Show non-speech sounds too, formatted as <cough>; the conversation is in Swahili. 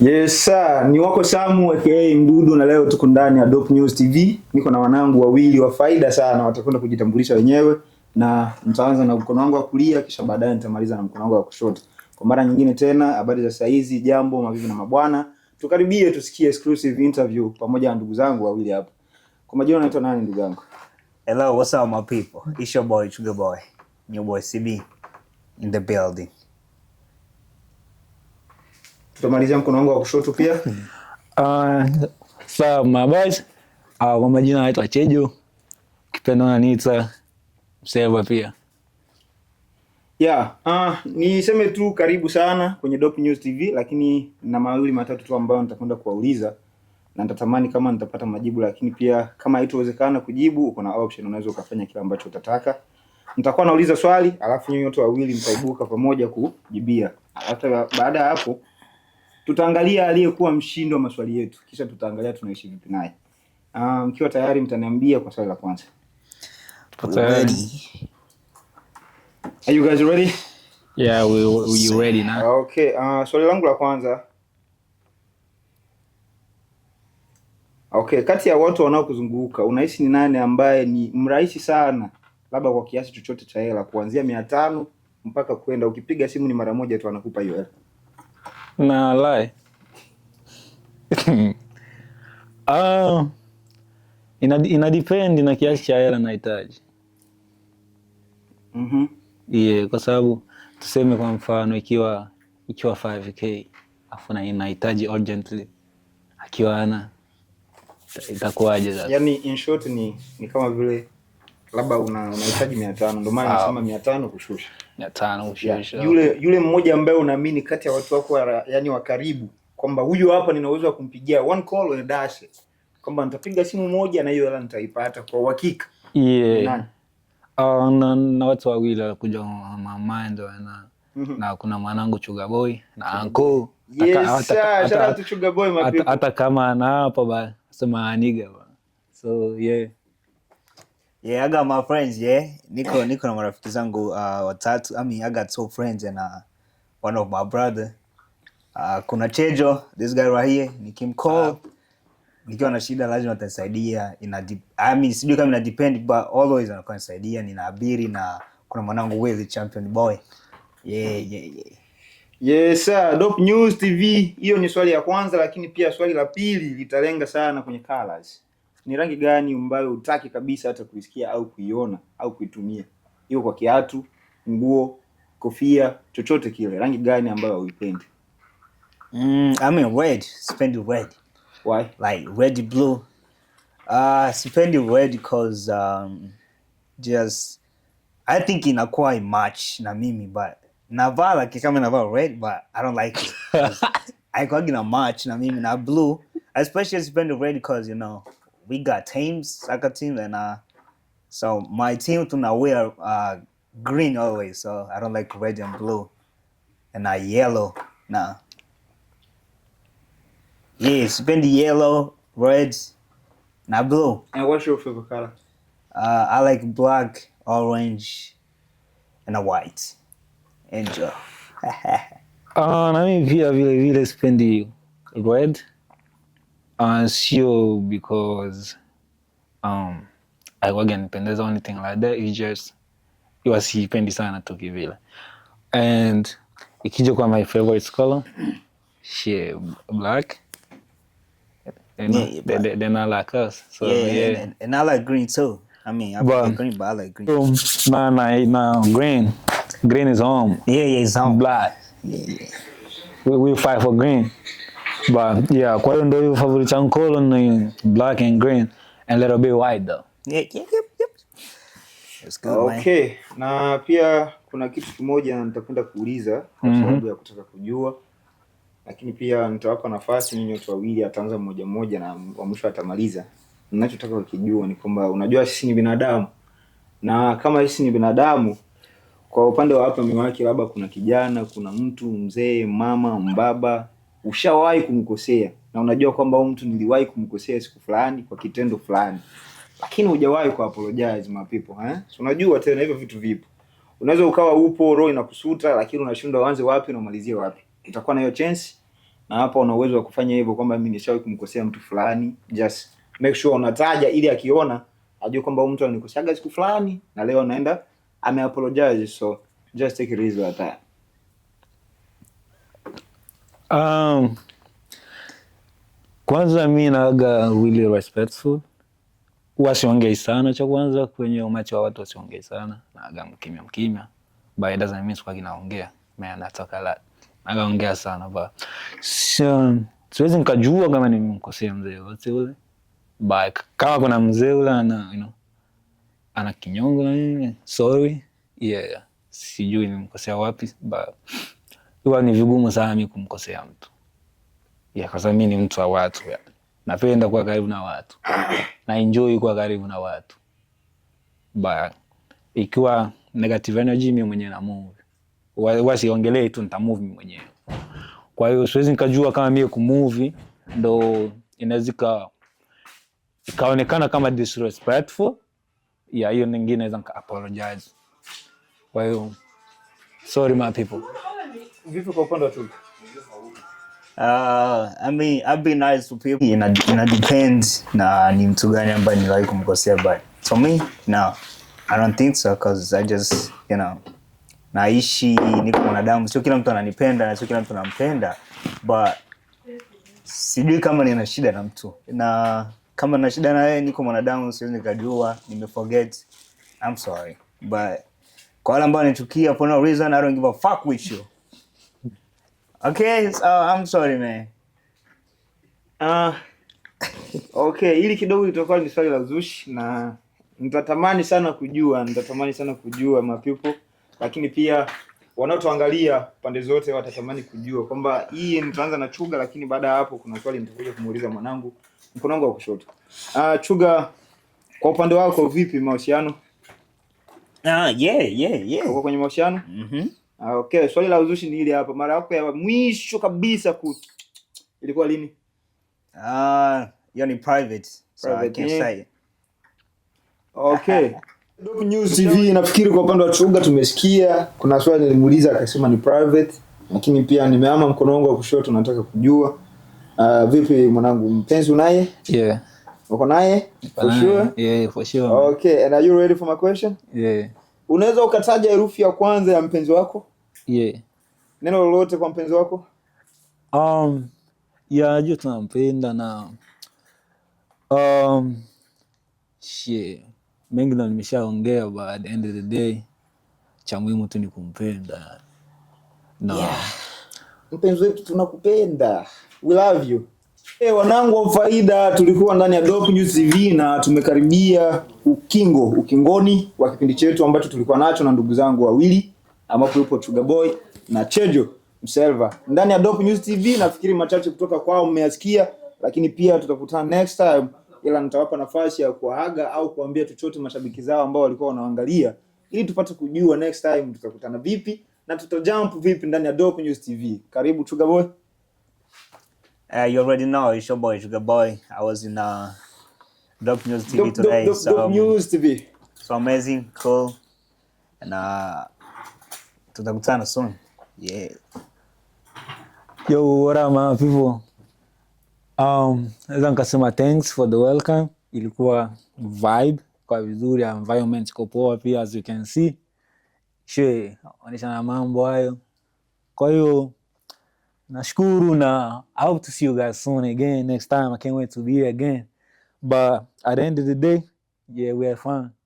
Yes sir, ni wako Samu aka Mdudu na leo tuko ndani ya Dope News TV. Niko na wanangu wawili wa faida sana, watakwenda kujitambulisha wenyewe na mtaanza na mkono wangu wa kulia kisha baadaye nitamaliza na mkono wangu wa kushoto. Kwa mara nyingine tena, habari za saizi, jambo mavivu na mabwana. Tukaribie tusikie exclusive interview pamoja na ndugu zangu wawili hapa. Kwa majina naitwa nani ndugu yangu? Hello, what's up my people? It's your boy Sugar Boy. New boy CB in the building. Tutamalizia mkono wangu wa kushoto pia. Uh, sawa mabazi. Ah, uh, kwa majina naitwa Cheju Kipenda wananiita Mseva pia. Yeah, uh, niseme tu karibu sana kwenye Dope News TV lakini na mawili matatu tu ambayo nitakwenda kuwauliza na nitatamani kama nitapata majibu, lakini pia kama haitowezekana kujibu, uko na option, unaweza ukafanya kile ambacho utataka. Nitakuwa nauliza swali alafu nyinyi wote wawili mtaibuka pamoja kujibia. Hata baada ya hapo tutaangalia aliyekuwa mshindi wa maswali yetu, kisha tutaangalia tunaishi vipi naye. Ah, mkiwa um, tayari mtaniambia kwa swali la kwanza. Ah, swali langu la kwanza. Okay, kati ya watu wanaokuzunguka unahisi ni nani ambaye ni mrahisi sana, labda kwa kiasi chochote cha hela, kuanzia mia tano mpaka kwenda, ukipiga simu ni mara moja tu anakupa hiyo hela? Nah, lie. <laughs> Ah, ina ina depend na kiasi cha hela nahitaji. Mhm. Mm yeah, kwa sababu tuseme kwa mfano ikiwa ikiwa 5k afu na inahitaji urgently akiwa ana itakuwaje sasa? Yaani in short ni ni kama vile labda unahitaji una mia tano ndio maana nasema mia tano kushusha mia tano kushusha Yule, yule mmoja ambaye unaamini kati ya watu wako yani wa karibu kwamba huyu hapa nina uwezo wa kumpigia one call and dash kwamba nitapiga simu moja na hiyo hela nitaipata kwa uhakika yeah. Uh, na, na watu wawili walikuja mind na, mhm. na kuna mwanangu Chuga Boy na anko hata kama anaapa ba sema aniga ba so yeah Yeah, I got my friends, yeah. Niko <laughs> niko na marafiki zangu uh, watatu. I mean, I got two friends and uh, one of my brother. Uh, kuna Chejo, this guy right here, nikimcall ah. nikiwa na shida lazima atanisaidia. Ina I mean, sijui kama ina depend but always anakuwa anisaidia, abiri na kuna mwanangu Wezi champion boy. Yeah, yeah, yeah. Yes, sir. Dope News TV. Hiyo ni swali ya kwanza, lakini pia swali la pili litalenga sana kwenye colors ni rangi gani ambayo hutaki kabisa hata kuisikia au kuiona au kuitumia, hiyo kwa kiatu, nguo, kofia, chochote kile, rangi gani ambayo huipendi? Mm, I mean red, sipendi red. Why? Like red blue. Uh, sipendi red cause um, just I think inakuwa imatch na mimi but navaa like kama navaa red but I don't like it. <laughs> I kwa match na mimi na blue especially sipendi red cause you know we got teams, soccer team, and uh, so my team to now wear uh green always. So I don't like red and blue, and I uh, yellow. Nah. Yeah, spend the yellow, red, not blue. And what's your favorite color? Uh, I like black, orange, and a white. Enjoy. <laughs> uh, na mi pia vile vile the red uh, sio because um, aikuwaga nipendeza or anything like it was just iwa siipendi sana tu kivile. And ikija kwa my favorite color she black and yeah, then, then, then I like us yeah, yeah. And, I like green too I mean I like green but I like green um, nah, nah, green green is home yeah yeah it's home black We, we fight for green But yeah, kwa hiyo ndio hiyo favorite yangu color ni black and green and little bit white though. Yeah, yeah, yep, yep. Good, okay, man. Na pia kuna kitu kimoja nitapenda kuuliza kwa mhm. sababu mm -hmm. ya kutaka kujua lakini pia nitawapa nafasi ninyi watu wawili, ataanza mmoja mmoja na wa mwisho atamaliza. Ninachotaka kukijua ni kwamba unajua sisi ni binadamu, na kama sisi ni binadamu, kwa upande wa hapa mbele labda kuna kijana, kuna mtu mzee, mama, mbaba ushawahi kumkosea na unajua kwamba huyu mtu niliwahi kumkosea siku fulani kwa kitendo fulani, lakini hujawahi kwa apologize my people eh? So unajua tena hivyo vitu vipo. Unaweza ukawa upo roho inakusuta, lakini unashindwa uanze wapi na umalizie wapi. Utakuwa na hiyo chance, na hapa una uwezo wa kufanya hivyo, kwamba mimi nishawahi kumkosea mtu fulani, just make sure unataja, ili akiona ajue kwamba huyu mtu alinikosea siku fulani na leo anaenda ame apologize, so just take it easy with that. Um, kwanza mi naaga really respectful, wasiongei sana. Cha kwanza kwenye umati wa watu wasiongei sana, naaga mkimya mkimya, but it doesn't mean sikuwa kinaongea man, I la a naaga ongea sana ba so, um, siwezi nikajua kama nimemkosea mzee wote ule, but kama kuna mzee ule ana you know, ana kinyongo na mimi sorry, yeah, sijui nimemkosea wapi but huwa ni vigumu sana mi kumkosea mtu ya, kwa sababu mimi ni mtu wa watu ya. Napenda kuwa karibu na watu, na enjoy kuwa karibu na watu ba ikiwa negative energy mimi mwenyewe na move huwa siongelei tu, nita move mi mwenyewe. Kwa hiyo siwezi nikajua kama mimi kumove ndo inaweza ikaonekana kama disrespectful ya hiyo, ningine naweza nika apologize. Kwa hiyo sorry my people vipi kwa upande wa tu? Uh, I mean, I've been nice to people. Ina, ina depend na ni mtu gani ambaye niliwahi kumkosea but for me, no. I don't think so because I just, you know, naishi niko mwanadamu, sio kila mtu ananipenda na sio kila mtu anampenda, but sijui kama nina shida na mtu, na kama nina shida na yeye, niko mwanadamu, siwezi nikajua, nimeforget. I'm sorry but kwa wale ambao wanachukia for no reason, I don't give a fuck with you Okay, so, uh, I'm sorry man. Uh, <laughs> okay, hili kidogo litakuwa ni swali la zushi na nitatamani sana kujua, nitatamani sana kujua mapipo, lakini pia wanaotuangalia pande zote watatamani kujua kwamba hii nitaanza na Chuga, lakini baada ya hapo kuna swali nitakuja kumuuliza mwanangu mkono wangu wa kushoto. Uh, Chuga, kwa upande wako vipi mahusiano? Ah, yeah, yeah, yeah. kwenye mahusiano? Mhm. Ah, okay, swali la uzushi ni hili hapa. Mara yako ya mwisho kabisa ku ilikuwa lini? Ah, hiyo ni private. Private. So I eh. say. Okay. <laughs> Dope News TV nafikiri kwa upande wa Chuga tumesikia kuna swali nilimuuliza akasema ni private, lakini pia nimeama mkono wangu wa kushoto nataka kujua. Uh, vipi mwanangu mpenzi unaye? Yeah. Uko naye? For sure. Yeah, for sure. Okay, and are you ready for my question? Yeah. Unaweza ukataja herufi ya kwanza ya mpenzi wako? Yeah. Neno lolote kwa mpenzi wako? Um, ya najua tunampenda na um, Mengi na nimeshaongea, but at the end of the day cha muhimu tu ni kumpenda. No. Yeah. Mpenzi wetu tunakupenda. We love you. Hey, eh, wanangu wa faida, tulikuwa ndani ya Dope News TV na tumekaribia ukingo ukingoni wa kipindi chetu ambacho tulikuwa nacho na ndugu zangu wawili ambapo yupo Sugar Boy na Chejo Mselva ndani ya Dope News TV. Nafikiri machache kutoka kwao mmeyasikia, lakini pia tutakutana next time, ila nitawapa nafasi ya kuwaaga au kuambia chochote mashabiki zao ambao walikuwa wanaangalia, ili tupate kujua next time tutakutana vipi na tutajump vipi ndani ya Dope News TV. Karibu Sugar Boy. Uh, you already know it's your boy, it's your boy. I was in uh, Dope News TV Dope, today. Dope, so, Dope um, News TV. So amazing, cool. And uh, to the Gutana soon. Yeah. Yo, what up my people? Um, naweza nikasema thanks for the welcome. Ilikuwa vibe kwa vizuri, environment iko poa pia as you can see. She, onyesha na mambo hayo. Kwa hiyo nashukuru na I hope to see you guys soon again next time I can't wait to be here again but at the end of the day yeah we had fun